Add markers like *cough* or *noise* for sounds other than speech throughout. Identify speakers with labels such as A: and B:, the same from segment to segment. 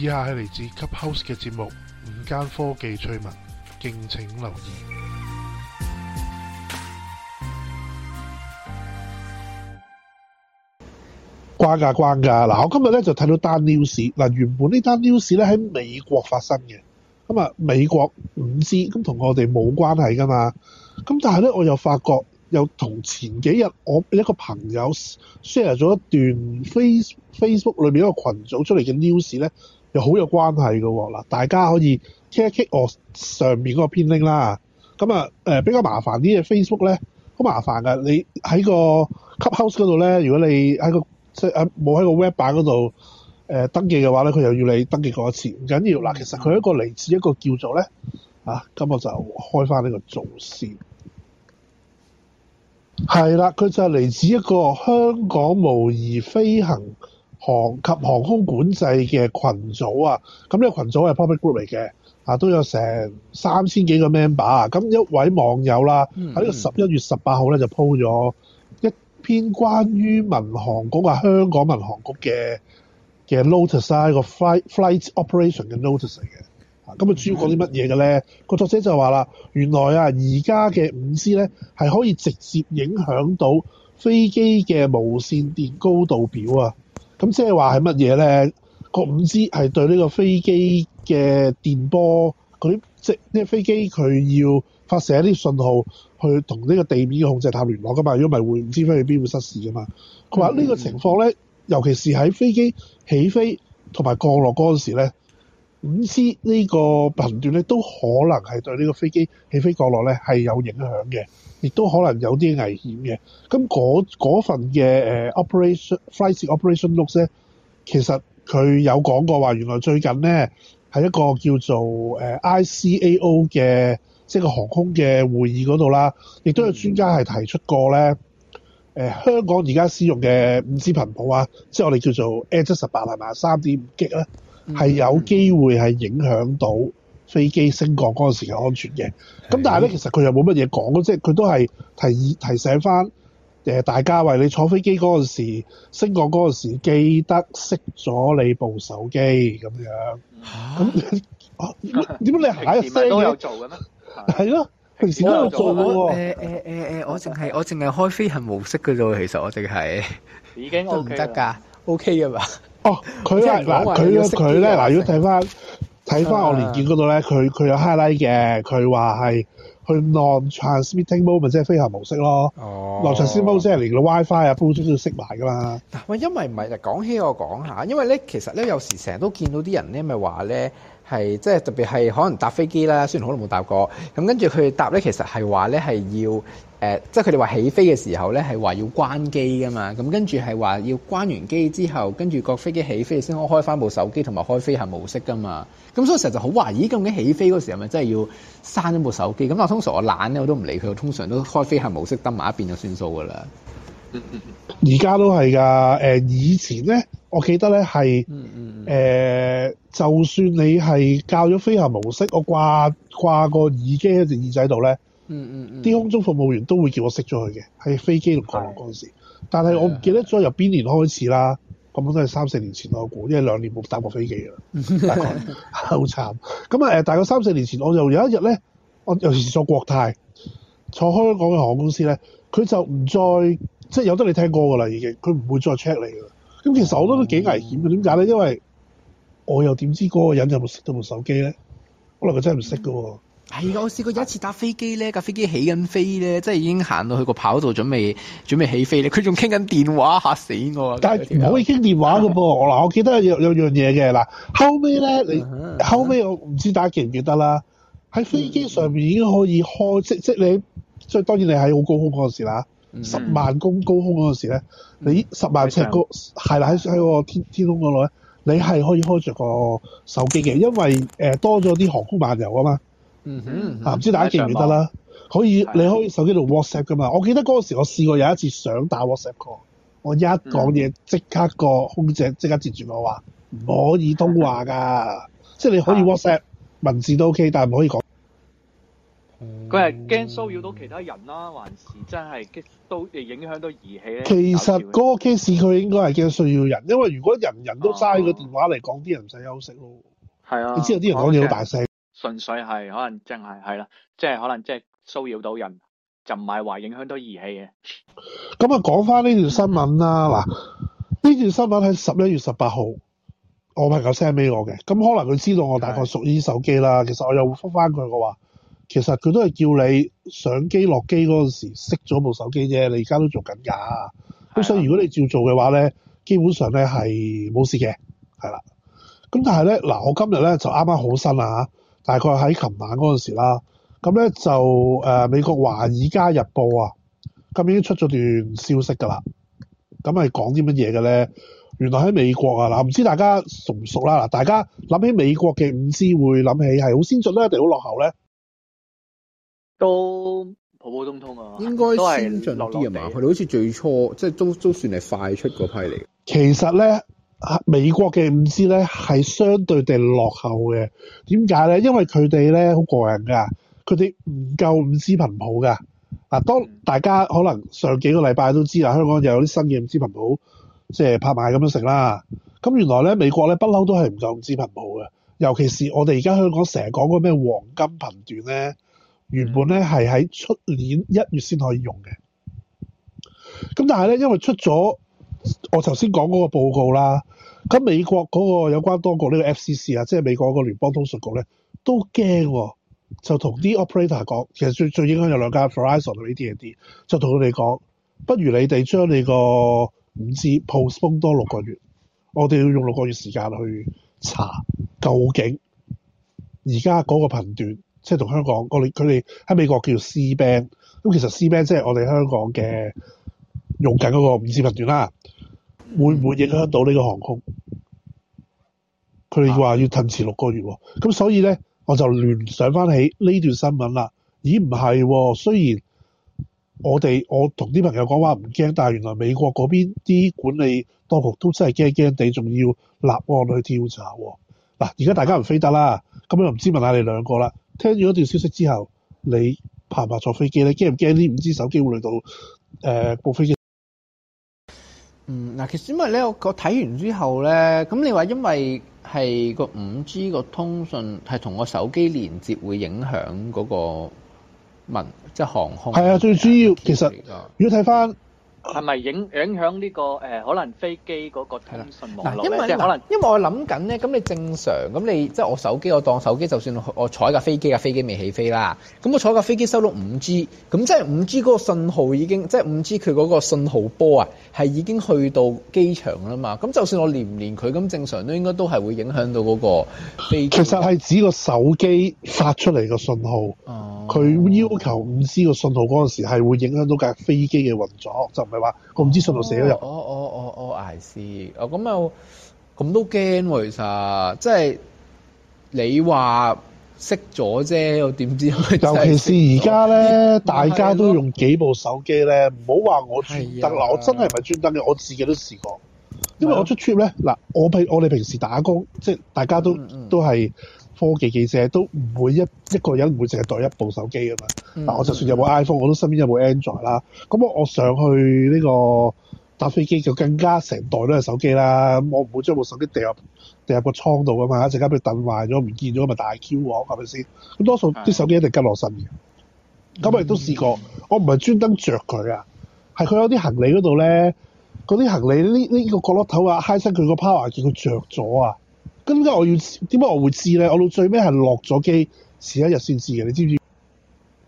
A: 以下係嚟自 g House 嘅節目《五間科技趣聞》，敬請留意。關噶關噶，嗱、啊，我今日咧就睇到單 news，嗱、啊，原本單呢單 news 咧喺美國發生嘅，咁啊美國 5G，咁、啊、同我哋冇關係噶嘛，咁、啊、但係咧我又發覺。又同前幾日我一個朋友 share 咗一段 face Facebook 裏面一個群組出嚟嘅 news 咧，又好有關係嘅喎。嗱，大家可以 check 一 check 我上面嗰個編 link 啦。咁、嗯、啊，誒、呃、比較麻煩啲嘅 Facebook 咧，好麻煩嘅。你喺個 Clubhouse 嗰度咧，如果你喺個即係冇喺個 web 版嗰度誒登記嘅話咧，佢又要你登記過一次，唔緊要。嗱，其實佢一個嚟自一個叫做咧啊，咁我就開翻呢個做先。係啦，佢就係嚟自一個香港模擬飛行航及航空管制嘅群組啊。咁呢個群組係 public group 嚟嘅啊，都有成三千幾個 member。咁一位網友啦喺、mm hmm. 呢個十一月十八號咧就鋪咗一篇關於民航局啊香港民航局嘅嘅 notice 啊，一個 flight flight operation 嘅 notice 嚟嘅。咁啊，嗯、主要講啲乜嘢嘅咧？個作者就話啦，原來啊，而家嘅五 G 咧係可以直接影響到飛機嘅無線電高度表啊！咁即係話係乜嘢咧？個五 G 係對呢個飛機嘅電波佢啲，即係、呢個、飛機佢要發射一啲信號去同呢個地面嘅控制塔聯絡噶嘛？如果唔係會唔知飛去邊會失事噶嘛？佢話呢個情況咧，尤其是喺飛機起飛同埋降落嗰陣時咧。五 G 呢個頻段咧，都可能係對呢個飛機起飛降落咧係有影響嘅，亦都可能有啲危險嘅。咁、那、嗰、個、份嘅誒 operation flight operation looks 咧、嗯，其實佢有講過話，原來最近呢係一個叫做誒 ICAO 嘅，即係個航空嘅會議嗰度啦，亦都有專家係提出過咧，誒、呃、香港而家使用嘅五 G 頻譜啊，即係我哋叫做 A 七十八係嘛，三點五吉咧。係有機會係影響到飛機升降嗰個時嘅安全嘅，咁的但係咧，其實佢又冇乜嘢講，即係佢都係提提醒返誒大家，喂，你坐飛機嗰陣時升降嗰陣時，記得熄咗你部
B: 手機咁樣。嚇！咁點解你係啊？ *laughs* 都有做嘅咩？係咯， *laughs* 平時都有做喎。誒誒誒我淨係我淨係開飛行模式嘅啫。其實我淨係已經都唔得㗎。O K 啊嘛。哦，佢啦嗱，佢咧佢咧嗱，如果睇
A: 翻睇翻我連結嗰度咧，佢佢有 highlight 嘅，佢話係去 non-transmitting mode，n t 即係飛行模式咯。哦 non-transmitting mode 即係連到 WiFi 啊煲 l 都識埋噶嘛。
B: 嗱，因為唔係啊，講起我講下，因為咧其實咧有時成日都見到啲人咧咪話咧係即係特別係可能搭飛機啦，雖然好耐冇搭過，咁跟住佢搭咧其實係話咧係要。誒、呃，即係佢哋話起飛嘅時候咧，係話要關機㗎嘛，咁跟住係話要關完機之後，跟住個飛機起飛先開翻部手機同埋開飛行模式㗎嘛，咁所以成日就好懷疑，究竟起飛嗰時係咪真係要閂咗部手機？咁我通常我懶咧，我都唔理佢，我通常都開飛行模式，登埋一邊就算數㗎啦。
A: 而家都係㗎，誒、呃、以前咧，我記得咧係，誒、呃、就算你係教咗飛行模式，我掛掛個耳機喺隻耳仔度咧。嗯嗯，啲、嗯嗯、空中服務員都會叫我熄咗佢嘅，喺飛機度降落嗰陣時。的但係我唔記得咗由邊年開始啦，咁樣的都係三四年前我估，因為兩年冇搭過飛機啦，大概好 *laughs* 慘。咁啊誒，大概三四年前，我就有一日咧，我尤其是坐國泰，坐香港嘅航空公司咧，佢就唔再即係有得你聽歌㗎啦，已經，佢唔會再 check 你㗎啦。咁其實我都都幾危險嘅，點解咧？因為我又點知嗰個人有冇熄到部手機咧？可能佢真係唔識㗎喎。嗯
B: 係噶，我試過有一次搭飛機咧，架飛機起緊飛咧，即係已經行到去個跑道準備準備起飛咧，佢仲傾緊電話，嚇死我。但係
A: 唔可以傾電話噶噃，嗱， *laughs* 我記得有有樣嘢嘅嗱，後尾咧，你 *laughs* 後尾我唔知大家記唔記得啦。喺飛機上面已經可以開，即即你即當然你喺好高空嗰陣時啦，十 *laughs* 萬公高空嗰陣時咧，你十萬尺高係啦，喺喺個天天空嗰度咧，你係可以開着個手機嘅，因為誒、呃、多咗啲航空漫遊啊嘛。嗯哼，啊，唔知大家記唔記得啦？可以，你可以手機度 WhatsApp 噶嘛？我記得嗰時我試過有一次想打 WhatsApp call 我一講嘢，即刻個空姐即刻截住我話唔可以通話噶，即係你可以 WhatsApp 文字都 OK，但係唔可以講。佢係驚騷擾
C: 到其他人啦，還是真係驚到影響到儀器咧？
A: 其實嗰個 case 佢應該係驚騷擾人，
C: 因為如果人人都嘥個電話嚟講，啲人唔使休息咯。係啊，你知道啲人講嘢好大聲。純粹係可能真係係啦，即係可能即係騷擾到人，就唔係話影響到儀器嘅。
A: 咁啊，講翻呢段新聞啦。嗱， *laughs* 呢段新聞喺十一月十八號，我朋友 send 俾我嘅。咁可能佢知道我大概屬呢啲手機啦的其。其實我又復翻佢，嘅話其實佢都係叫你上機落機嗰陣時熄咗部手機啫。你而家都在做緊架，咁的所以如果你照做嘅話咧，基本上咧係冇事嘅，係啦。咁但係咧嗱，我今日咧就啱啱好新啊。大概喺琴晚嗰陣時啦，咁咧就誒美國華爾街日報啊，咁已經出咗段消息噶啦，咁係講啲乜嘢嘅咧？原來喺美國啊嗱，唔知大家熟唔熟啦嗱？大家諗起美國嘅五 G 會諗起係好先進咧，定好落後咧？
B: 都普普通通啊，應該先進啲啊嘛？佢哋好似最初即係都都算係快出嗰批嚟。
A: 其實咧。美國嘅五 G 咧係相對地落後嘅，點解咧？因為佢哋咧好過癮㗎，佢哋唔夠五 G 頻譜㗎。嗱，當大家可能上幾個禮拜都知啦，香港又有啲新嘅五 G 頻譜，即、呃、係拍賣咁樣食啦。咁原來咧美國咧不嬲都係唔夠五 G 頻譜嘅，尤其是我哋而家香港成日講嗰咩黃金頻段咧，原本咧係喺出年一月先可以用嘅。咁但係咧，因為出咗我頭先講嗰個報告啦。咁美國嗰個有關多國呢個 FCC 啊，即、就、係、是、美國嗰個聯邦通訊局咧，都驚、啊，就同啲 operator 講，其實最最影響有兩間 Verizon 同呢啲 AT&T，就同佢哋講，不如你哋將你個五 G postpone 多六個月，我哋要用六個月時間去查究竟而家嗰個頻段，即係同香港我哋佢哋喺美國叫 C band，咁、嗯、其實 C band 即係我哋香港嘅用緊嗰個五 G 頻段啦。會唔會影響到呢個航空？佢哋話要褪遲六個月，哦，咁所以呢，我就聯想翻起呢段新聞啦。咦，唔係，哦，雖然我哋我同啲朋友講話唔驚，但係原來美國嗰邊啲管理當局都真係驚驚地，仲要立案去調查，哦。嗱，啊，而家大家唔飛得啦，咁又唔知問下你兩個啦。聽咗呢段消息之後，你怕唔怕坐飛機呢？驚唔驚呢？唔知手機會嚟到誒部飛機？
B: 嗯，嗱，其實因為咧，我我睇完之後咧，咁你話因為係個五 G 個通訊係同個手機連接會影響嗰個文即係航空。係
A: 啊，最主要其實如果睇翻，這個
C: 係咪影影響呢個誒？可能飛機嗰個通訊網絡咧？因
B: 為因為我諗緊咧，咁你正常咁，你即係我手機，我當手機，就算我坐一架飛機，架飛機未起飛啦。咁我坐一架飛機收到五 G，咁即係五 G 嗰個信號已經，即係五 G 佢嗰個信號波啊，係已經去到機場啦嘛。咁就算我連唔連佢，咁正常都應該都係會影響到嗰個
A: 飛機。其實係指個手機發出嚟個信號，佢要求五 G 個信號嗰陣時係會影響到架飛機嘅運作。唔係話我唔知信號死咗入。
B: 哦哦哦哦，I C。哦咁又咁都驚，其實即係你話熄咗啫，我點知我？尤其是而家咧，大家都用幾部手機咧，唔好話我專登
A: 的我真係唔係專登嘅，我自己都試過。因為我出 trip 咧，嗱的我平我哋平時打工，即係大家都的都係科技記者，都唔會一一個人唔會淨係袋一部手機㗎嘛。嗱，嗯、我就算有部 iPhone，我都身邊有部 Android 啦。咁我我上去呢、呢個搭飛機就更加成袋都係手機啦。咁我唔會將部手機掉入掉入個倉度㗎嘛！一陣間俾佢揼壞咗，唔見咗咪大 Q 王係咪先？咁多數啲手機一定跟落身嘅。咁我亦都試過，是我唔係專登着佢啊，係佢、嗯、有啲行李嗰度咧，嗰啲行李呢呢、呢個呢個角落頭啊，嗨身佢個 power 見佢着咗啊。咁點解我要點解我會知咧？我到最尾係落咗機，遲一日先知嘅，你知唔知？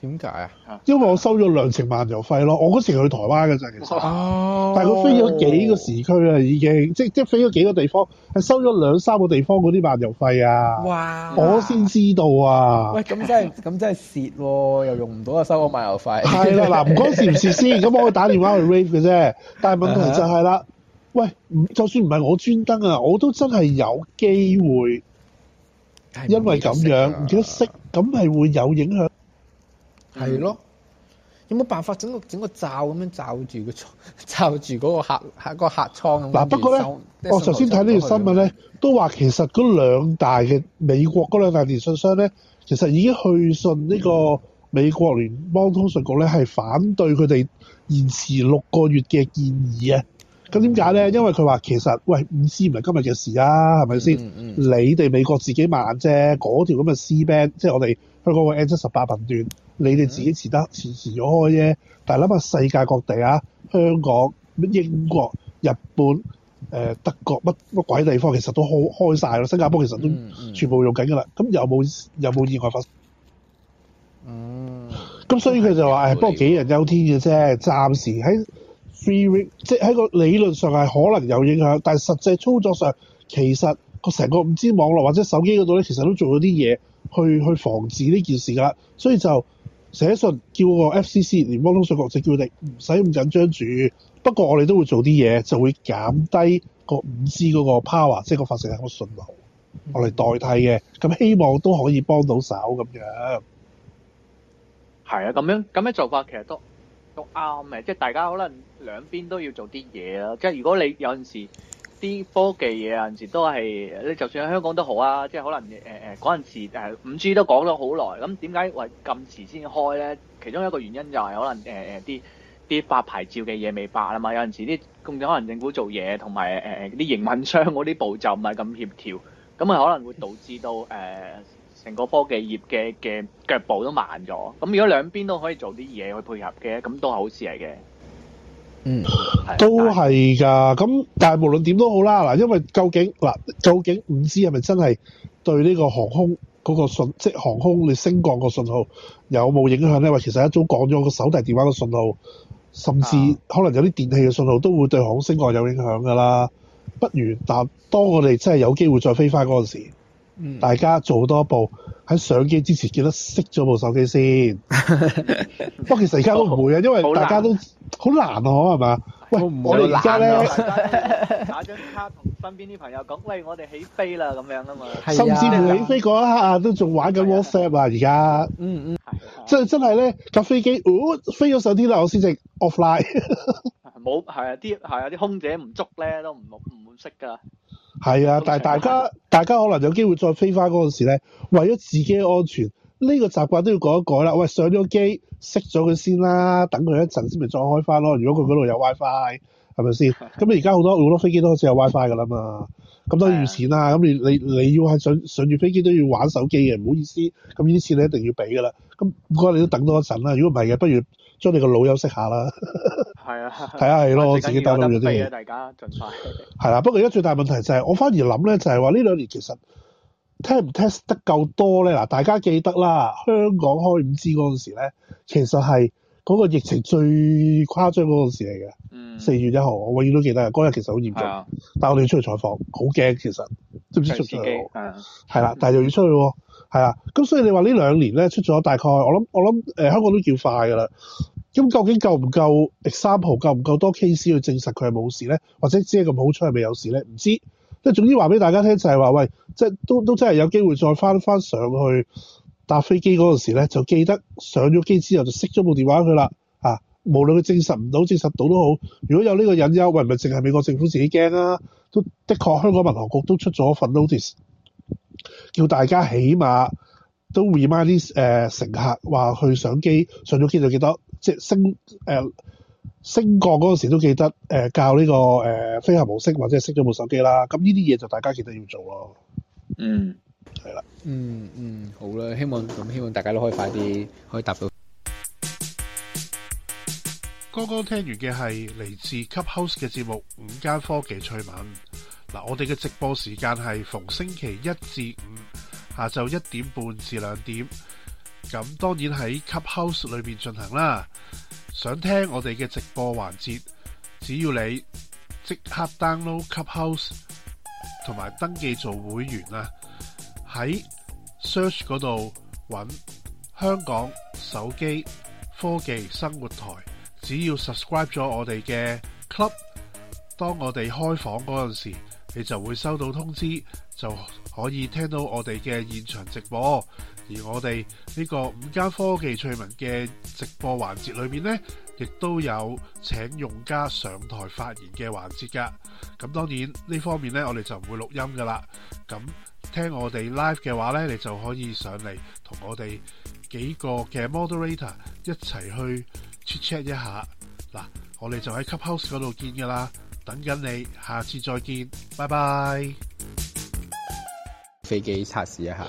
A: 點解啊？因為我收咗兩成漫遊費咯。我嗰時去台灣嘅啫，其實，哦、但係佢飛咗幾個時區啦，已經即即飛咗幾個地方，係收咗兩三個地方嗰啲漫遊費啊。哇！我先知道啊。喂，咁真
B: 係咁真係蝕喎，又用唔到啊，收我漫遊費。係 *laughs* 啦，嗱，唔講蝕唔蝕先，
A: 咁 *laughs* 我可以打電話去 Rave 嘅啫。但係問題就係、是、啦， *laughs* 喂，就算唔係我專登啊，我都真係有機會，因為咁樣唔記得識咁係會有影響。
B: 係咯，有冇辦法整個整個罩咁樣罩住個罩住嗰個客喺、嗰個、客艙咁嗱？不過咧，我頭先睇呢條新聞
A: 咧，都話其實嗰兩大嘅美國嗰兩大電訊商咧，其實已經去信呢個美國聯邦通訊局咧，係反對佢哋延遲六個月嘅建議啊。咁點解咧？因為佢話其實喂，五 G 唔係今日嘅事啊，係咪先？嗯嗯，你哋美國自己慢啫，嗰條咁嘅 C band，即係我哋香港嘅 N 七十八頻段。你哋自己遲得遲遲咗開啫，但係諗下世界各地啊，香港、英國、日本、誒、呃、德國、乜乜鬼地方，其實都好開晒咯。新加坡其實都全部用緊㗎啦。咁、嗯嗯、有冇有冇意外發生？嗯，咁所以佢就話，誒、嗯，不過杞人憂天嘅啫。暫時喺 theory，即係喺個理論上係可能有影響，但係實際操作上，其實個成個五 G 網絡或者手機嗰度咧，其實都做咗啲嘢去去防止呢件事㗎啦。所以就。寫信叫個 FCC 聯邦通信局就叫你唔使咁緊張住，不過我哋都會做啲嘢，就會減低個 5G 嗰個 power，即係個發射嘅個信號，我嚟代替嘅，咁希望都可以幫到手咁樣。
C: 係啊，咁樣咁樣做法其實都都啱嘅，即係大家可能兩邊都要做啲嘢啦。即係如果你有陣時。啲科技嘢有陣時都係，你就算喺香港都好啊，即係可能誒誒嗰陣時五 G 都講咗好耐，咁點解喂咁遲先開咧？其中一個原因就係可能誒誒啲啲發牌照嘅嘢未發啊嘛，有陣時啲公可能政府做嘢同埋誒誒啲營運商嗰啲步驟唔係咁協調，咁啊可能會導致到誒成個科技業嘅嘅腳步都慢咗。咁如果兩邊都可以做啲嘢去配合嘅，咁都係好事嚟嘅。
B: 嗯，
A: 都係噶，咁但係無論點都好啦，嗱，因為究竟嗱，究竟 5G 係咪真係對呢個航空嗰個信，即係航空你升降個信號有冇影響呢？話其實一早講咗個手提電話個信號，甚至可能有啲電器嘅信號都會對航空升降有影響噶啦。不如，但當我哋真係有機會再飛翻嗰陣時。嗯、大家做多部喺上機之前，記得熄咗部手機先。不過 *laughs* 其實而家都唔會啊，因為大家都好難啊。係嘛？ *laughs* 喂，我唔哋而家咧打張卡同
C: 身邊啲朋友講，喂、嗯，我哋起飛啦咁樣啊嘛。甚至乎起
A: 飛嗰一刻啊，都仲玩緊 WhatsApp 啊而家。嗯嗯係，即係真係咧，架飛機，哦，飛咗上天啦，我先至 offline。
C: 冇係啊，啲係啊，啲空姐唔捉咧，都唔唔會熄噶。
A: 係啊，但係 Okay. 大家大家可能有機會再飛翻嗰陣時咧，為咗自己嘅安全，呢個習慣都要改一改啦。喂，上咗機熄咗佢先啦，等佢一陣先，咪再開翻咯。如果佢嗰度有 WiFi，係咪先？咁你而家好多好多飛機都好似有 WiFi 㗎啦嘛，咁都預錢啦。咁 *laughs* 你你你要係上上住飛機都要玩手機嘅，唔好意思。咁呢啲錢你一定要俾㗎啦。咁唔該，你都等多一陣啦。如果唔係嘅，不如。將你個腦休息下啦。係啊，係啊，係咯，我自己擔心咗啲嘢。大家盡快。係啦、啊，不過而家最大問題就係、是，我反而諗咧，就係話呢兩年其實聽唔聽得夠多咧。嗱，大家記得啦，香港開五 G 嗰陣時咧，其實係嗰個疫情最誇張嗰陣時嚟嘅。嗯。四月一號，我永遠都記得嗰日，其實好嚴重。啊、但我哋要出去採訪，好驚其實。知唔知出？係啊。係啦、啊，但係又要出去喎。係啊，咁所以你話呢兩年咧出咗大概，我諗我諗誒、呃、香港都叫快㗎啦。咁究竟夠唔夠 sample？夠唔夠多 case 去證實佢係冇事咧？或者只係咁好彩係咪有事咧？唔知。即係總之話俾大家聽就係話，喂，即係都都真係有機會再翻翻上去搭飛機嗰陣時咧，就記得上咗機之後就熄咗部電話佢啦。啊，無論佢證實唔到、證實到都好，如果有呢個隱憂，喂，咪淨係美國政府自己驚啦、啊？都的確香港民航局都出咗份 notice。叫大家起碼都 remind 啲誒、呃、乘客話去上機上咗機就記得，即係升誒、呃、升降嗰陣時都記得誒、呃、教呢、這個誒、呃、飛行模式或者熄咗部手機啦。咁呢啲嘢就大家記得要做咯、嗯啦嗯。嗯，
B: 係啦。嗯嗯，好啦，希望咁希望大家都可以快啲可以達到。
A: 剛剛聽完嘅係嚟自 k House 嘅節目《五間科技趣聞》。嗱，我哋嘅直播時間係逢星期一至五下晝一點半至兩點。咁當然喺 Clubhouse 裏面進行啦。想聽我哋嘅直播環節，只要你即刻 download Clubhouse 同埋登記做會員啊。喺 Search 嗰度揾香港手機科技生活台，只要 subscribe 咗我哋嘅 Club，當我哋開房嗰陣時，你就會收到通知，就可以聽到我哋嘅現場直播。而我哋呢個五家科技趣聞嘅直播環節裏面呢，亦都有請用家上台發言嘅環節噶。咁當然呢方面呢，我哋就唔會錄音噶啦。咁聽我哋 live 嘅話呢，你就可以上嚟同我哋幾個嘅 moderator 一齊去 check check 一下。嗱，我哋就喺 clubhouse 嗰度見噶啦。等緊你，下次再見，拜拜！
B: 飛機測試一下。